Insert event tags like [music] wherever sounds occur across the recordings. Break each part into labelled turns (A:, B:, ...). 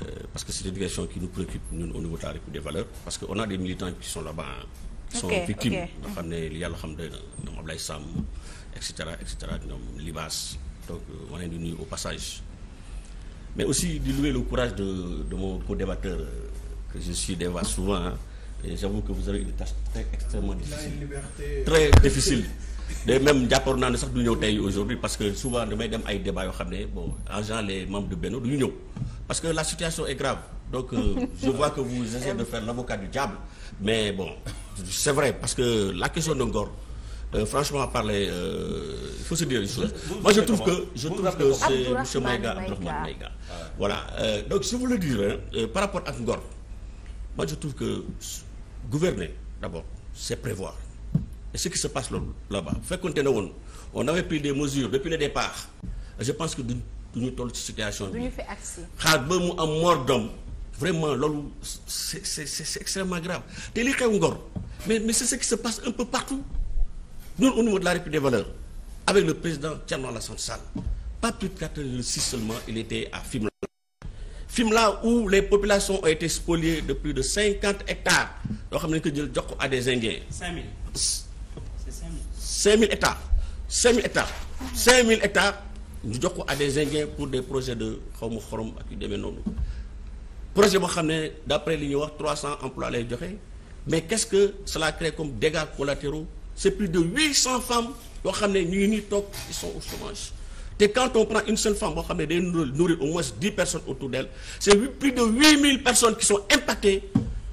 A: Euh, parce que c'est une question qui nous préoccupe ñun au niveau de la République des parce que on a des militants qui sont là-bas qui sont okay, victimes nga xam ne yàlla xam ne ñoom Ablaye Sam et cetera et cetera ñoom Libaas donc ma leen di nuyu au passage mais aussi di louer le courage de de mon euh, que je suis des fois souvent hein, et j'avoue que vous avez une tâche très extrêmement difficile très difficile de même jàppoon naa ne sax du ñëw tey aujourd'hui parce que souvent damay dem ay débats yoo xam ne bon en genre les membres ñu ñëw parce que la situation est grave donc euh, je vois que vous essayez du diable mais bon c'est vrai parce que la question de Ngor euh, franchement parler euh, il faut se dire une chose moi je trouve que je trouve que c'est monsieur Maïga Abdourahmane voilà donc je vous le dis par rapport ak Ngor moi je trouve que gouverner d'abord c'est prévoir et ce qui se passe loolu là-bas fekkonte na woon on avait pris des mesures depuis le départ je pense que du ñu toll ci situation bi. du ñu fi agsi xaar ba mu am mort d'homme vraiment loolu c'est c'est extrêmement grave te li xew Ngor mais mais c'est ce qui se passe un peu partout ñun au niveau de la République des avec le président Thierno Alassane Sall pas plus de quatre le six seulement il était à Fimela. Fimela où les populations ont été spoliées de plus de cinquante hectares yoo xam ne ko jël jox ko à des Indiens. cinq mille. c'est cinq hectares. cinq mille hectares. cinq mille ñu jox ko à des pour des projets de xaw ma xorom ak yu demee noonu projet boo xam ne d'après li ñuy wax 300 emplois lay joxe mais qu'est-ce que la crée comme dégâts collatéraux c'est plus de 800 xam ne ñu ngi nii toog te quand on prend une seule femme boo ne day nourrir au moins 10 personnes autour d'elle c'est plus de 8000 personnes qui sont impactées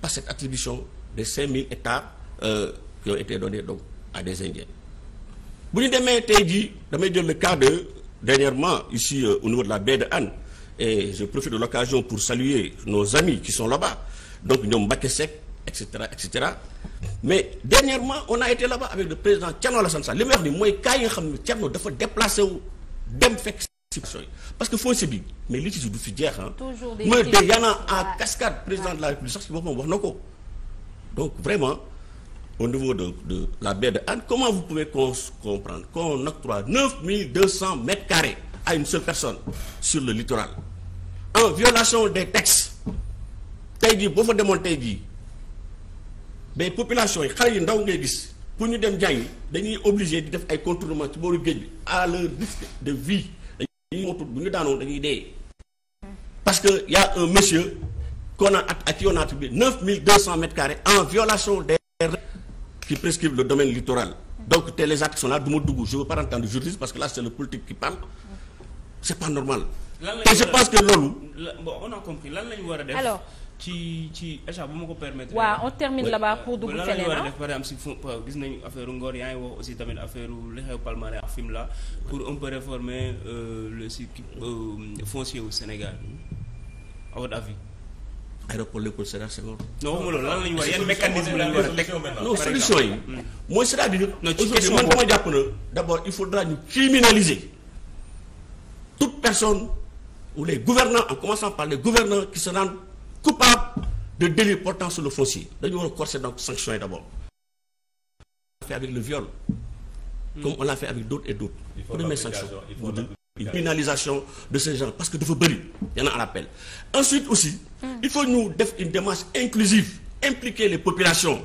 A: par cette attribution de 5000 hectares euh, des indiens bu ñu demee tey jii damay jël le cas dernièrement ici euh, au niveau de la baie de Hann et je profite de l'occasion pour saluer nos amis qui sont là-bas donc ñoom Mbacké Seck et cetera et cetera mais dernièrement on a été là avec le président Thierno la Sall li may wax ni mooy cas yi nga xam ne Thierno dafa déplacé wu dem fekk si parce que foo si bi mais li ci du fi jeex ah mooy de yana en cascade président de la République sax si boppam wax na ko donc vraiment au niveau de, de la baie de Anne, comment vous pouvez comprendre qu'on octroie 9200 mètres carrés à une seule personne sur le littoral en violation des textes tey jii boo fa demoon tey jii mais population yi xale yu ndaw ngay gis pour ñu dem jàngi dañuy obligé di def ay contournement ci booru géej bi à leur risque de vie dañuy motul bu ñu daanoon dañuy dee parce que y a un monsieur qu'on a at ak yonaatu bi 9200 mètres carrés en violation des ci prescrivent le domaine littoral donc tels les actes sont là du ma dugg je veux pas parce que là c'est pas normal te je pense loolu bon on a lan lañu war a def ci ci achat bu ma ko permettre waaw on termine là-bas pour dugg feneen a def par exemple gis nañu affaire Ngor yaa ngi wax aussi tamit affaire li xew Palmarin ak pour un peu réformer euh, le cycle euh, foncier au Sénégal à aéroport Léopold Sédar Senghor. non waxuma a teg non solution yi. Hmm. mooy c'est-à-dire. non ci question man dama jàpp na d'abord il faudra ñu criminaliser toute personne ou les gouvernants en commençant par les gouvernants qui se rendent de délits portant sur le foncier dañu war a corser donc sanctions yi d'abord. on l'a fait avec le viol. comme hmm. l'a fait avec d'autres et d'autres.
B: première une
A: pénalisation de ces gens parce que dafa bëri y en a à ensuite aussi hmm. il faut ñu def une démarche inclusive impliquer les populations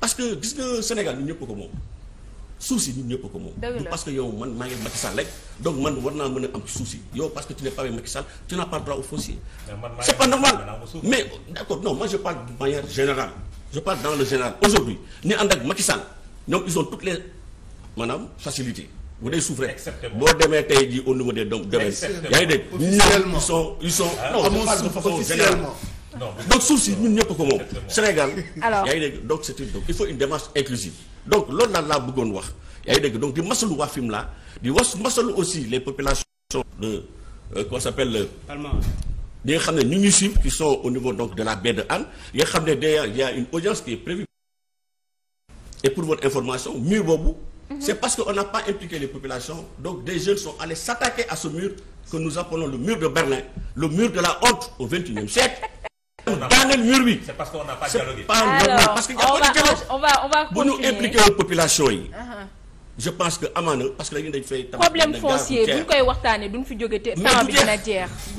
A: parce que gis nga Sénégal ñun ñëpp ko moom suuf si ñun ñëpp ko moom du parce que yow man maa ngi Macky Sall rek donc man war naa mën a am ci si yow parce que tu n'es pas avec tu n'as pas droit au foncier c'est pas normal mais d'accord non moi je parle de manière générale je parle dans le général aujourd'hui ñu ak Macky Sall ñoom ils ont toutes les maanaam facilités bu dee suuf rek boo demee tey jii au niveau de domaines yaa ngi dégg ñoom ils sont ils ah, de façon générale donc ñëpp ko moom Sénégal yaa ngi dégg donc c'est une donc il faut une démarche inclusive donc loolu daal laa bëggoon wax yaa ngi dégg donc di masalu waa la di was masalu aussi les populations de qu'on euh, s'appelle ñi nga xam ne ñu ngi suivre qui sont au niveau donc de la baie de Hann nga xam ne d'ailleurs il y a une audience qui est prévue et pour votre information mur boobu Mhm. C'est parce qu'on n'a pas impliqué les populations. Donc des jeunes sont allés s'attaquer à ce mur que nous appelons le mur de Berlin, le mur de la honte au XXIe siècle. [laughs] daaneel mur bi c'est parce qu'on n'a pas dialogué. Alors, parce que on va on va bu ñu impliqué woon population yi. Uh-huh. je pense que amaana parce que dañu dañ fay. problème foncier bu ñu koy waxtaanee duñ fi jóge te temps bi dina jeex.